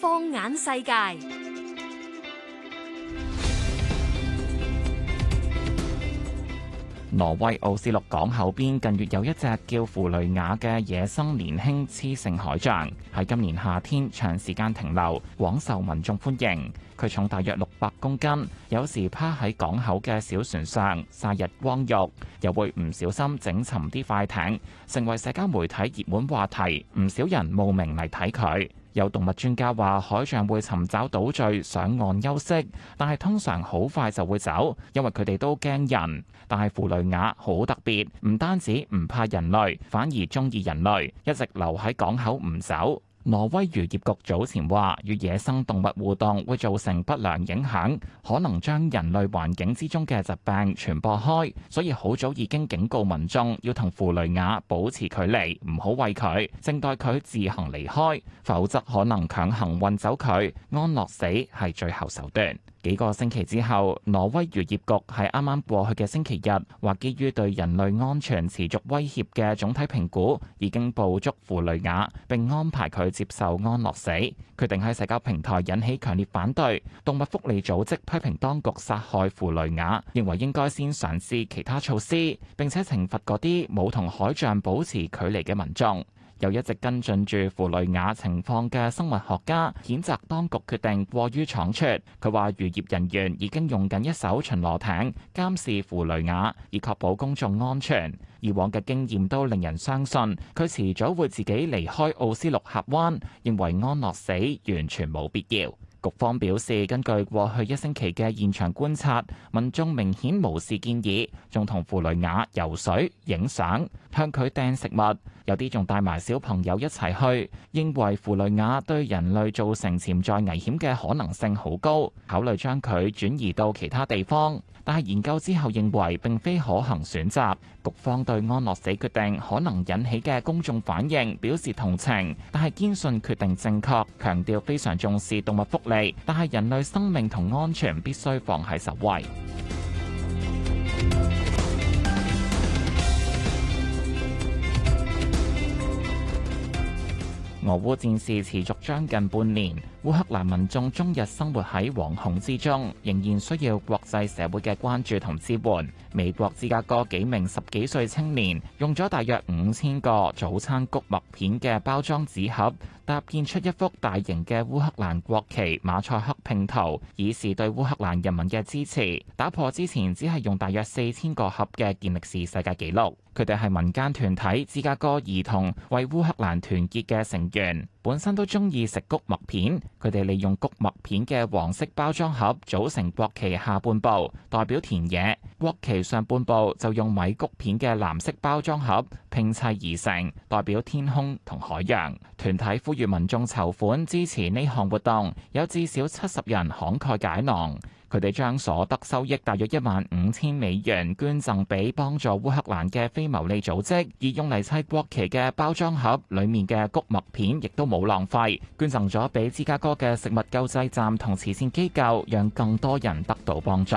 放眼世界。挪威奧斯陸港口邊近月有一隻叫芙雷雅嘅野生年輕雌性海象，喺今年夏天長時間停留，廣受民眾歡迎。佢重大約六百公斤，有時趴喺港口嘅小船上曬日光浴，又會唔小心整沉啲快艇，成為社交媒體熱門話題。唔少人慕名嚟睇佢。有動物專家話，海象會尋找島嶼上岸休息，但係通常好快就會走，因為佢哋都驚人。但係芙蕾雅好特別，唔單止唔怕人類，反而鍾意人類，一直留喺港口唔走。挪威漁業局早前話，與野生動物互動會造成不良影響，可能將人類環境之中嘅疾病傳播開，所以好早已經警告民眾要同芙蕾雅保持距離，唔好餵佢，靜待佢自行離開，否則可能強行運走佢，安樂死係最後手段。幾個星期之後，挪威漁業局喺啱啱過去嘅星期日，話基於對人類安全持續威脅嘅總體評估，已經捕捉符雷雅並安排佢接受安樂死。決定喺社交平台引起強烈反對，動物福利組織批評當局殺害符雷雅，認為應該先嘗試其他措施，並且懲罰嗰啲冇同海象保持距離嘅民眾。又一直跟進住符雷雅情況嘅生物學家譴責當局決定過於闖出，佢話漁業人員已經用緊一艘巡邏艇監視符雷雅，以確保公眾安全。以往嘅經驗都令人相信，佢遲早會自己離開奧斯陸峽灣，認為安樂死完全冇必要。局方表示，根據過去一星期嘅現場觀察，民眾明顯無視建議，仲同弗雷雅游水、影相，向佢掟食物，有啲仲帶埋小朋友一齊去。認為弗雷雅對人類造成潛在危險嘅可能性好高，考慮將佢轉移到其他地方。但係研究之後認為並非可行選擇。局方對安樂死決定可能引起嘅公眾反應表示同情，但係堅信決定正確，強調非常重視動物福利。但係人類生命同安全必須放喺首位。俄烏戰事持續將近半年，烏克蘭民眾終日生活喺惶恐之中，仍然需要國際社會嘅關注同支援。美國芝加哥幾名十幾歲青年用咗大約五千個早餐穀麥片嘅包裝紙盒，搭建出一幅大型嘅烏克蘭國旗馬賽克拼圖，以示對烏克蘭人民嘅支持。打破之前只係用大約四千個盒嘅健力士世界紀錄。佢哋係民間團體芝加哥兒童為烏克蘭團結嘅成員本身都中意食谷麥片，佢哋利用谷麥片嘅黃色包裝盒組成國旗下半部，代表田野；國旗上半部就用米谷片嘅藍色包裝盒拼砌而成，代表天空同海洋。團體呼籲民眾籌款支持呢項活動，有至少七十人慷慨解囊。佢哋將所得收益大約一萬五千美元捐贈俾幫助烏克蘭嘅非牟利組織，而用嚟砌國旗嘅包裝盒裏面嘅谷麥片亦都冇浪費，捐贈咗俾芝加哥嘅食物救濟站同慈善機構，讓更多人得到幫助。